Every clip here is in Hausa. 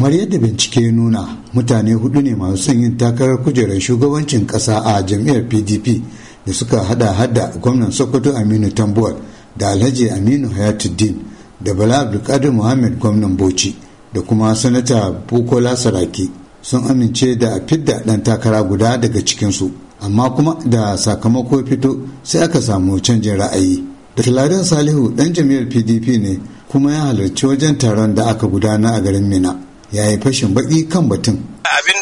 kamar yadda bincike ya nuna mutane hudu ne masu son yin takarar kujerar shugabancin kasa a jam'iyyar pdp da suka hada hada gwamnan sokoto aminu tambuwal da alhaji aminu hayatuddin da bala abdulkadir muhammad gwamnan bauchi da kuma sanata bukola saraki sun amince da a fidda dan takara guda daga cikinsu amma kuma da sakamako fito sai aka samu canjin ra'ayi da salihu dan jam'iyyar pdp ne kuma ya halarci wajen taron da aka gudana a garin mina ya yi fashin baki kan batun. Abin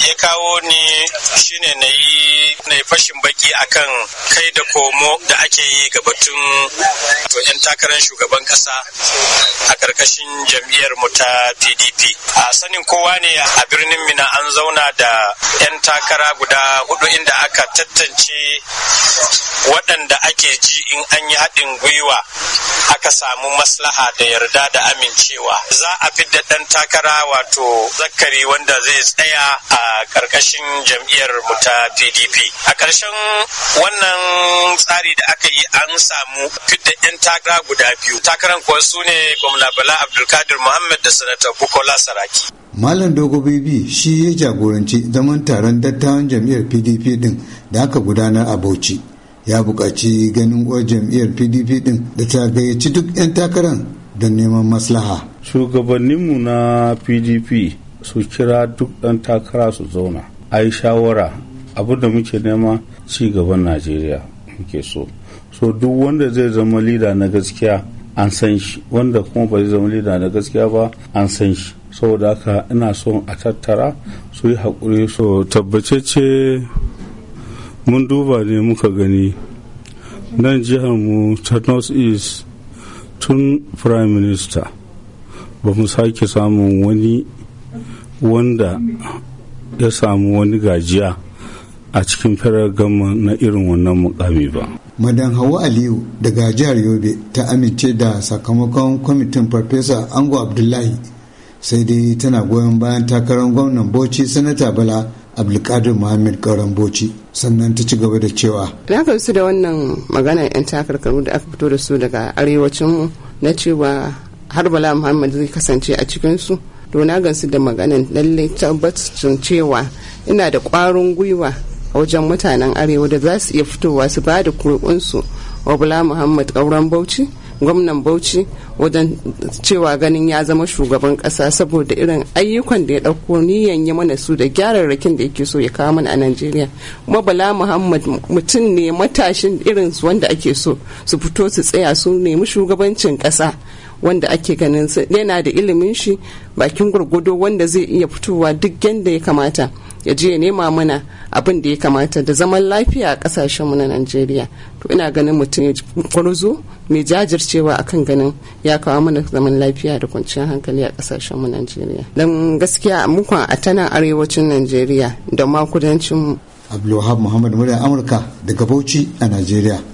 ya kawo ni shine na yi fashin baki akan kai da komo da ake yi ga batun to 'yan takarar shugaban kasa a karkashin jam'iyyar mu ta PDP. A sanin kowa ne a birnin Mina an zauna da 'yan takara guda hudu inda aka tattance waɗanda ake ji in an yi haɗin gwiwa aka samu maslaha da yarda da amincewa za a fi da ɗan takara wato zakari wanda zai tsaya a ƙarƙashin jam'iyyar mu ta pdp a ƙarshen wannan tsari da aka yi an samu fidda 'yan takara guda biyu takaran kuwa su ne gwamna bala abdulkadir muhammad da sanata bukola saraki Malam Dogo Bibi shi ya jagoranci zaman taron dattawan jam'iyyar PDP din da aka gudanar a Bauchi. ya buƙaci ganin uwar jam'iyyar pdp din da ta gayyaci duk 'yan takarar don neman maslaha shugabanninmu na pdp su kira duk ɗan takara su zauna a yi shawara abu da muke nema ci gaban najeriya muke so so duk wanda zai zama lida na gaskiya an san shi wanda kuma ba zai zama lida na gaskiya ba an san shi saboda haka ina so a tattara su yi haƙuri so tabbace ce mun duba ne muka gani nan mu ta north east tun prime minister ba mu sake samun wani wanda ya samu wani gajiya a cikin farar gama na irin wannan mukami ba. madan hawa aliyu daga jihar yobe ta amince da sakamakon kwamitin farfesa ango abdullahi sai dai tana goyon bayan takarar gwamnan bauchi sanata bala abdulkadir muhammad gauran bauchi sannan ta ci gaba da cewa na gamsu da wannan maganar 'yan takarkaru da aka fito da su daga arewacin na cewa har bala muhammad zai kasance a cikin su to na gansu da maganan lallai tabbacin cewa ina da kwarin gwiwa a wajen mutanen arewa da za su iya fitowa su ba da kurkunsu wa bala muhammad gauran bauchi gwamnan bauchi wajen cewa ganin ya zama shugaban kasa saboda irin ayyukan da ya dauko niyan ya mana su da gyararrakin da yake so ya kawo mana a najeriya kuma bala muhammad mutum ne matashin irin wanda ake so su fito su tsaya su nemi shugabancin kasa wanda ake ganin yana da ilimin shi bakin gwargwado wanda zai iya fitowa duk yadda ya kamata ya je nema mana abin da ya kamata da zaman lafiya a kasashen mu na Najeriya to ina ganin mutum ya kwarzo mai jajircewa akan ganin ya kawo mana zaman lafiya da kwanciyar hankali a kasashen mu Najeriya dan gaskiya muka a tana arewacin Najeriya da ma kudancin Abdulwahab Muhammad Murya Amurka daga Bauchi a Najeriya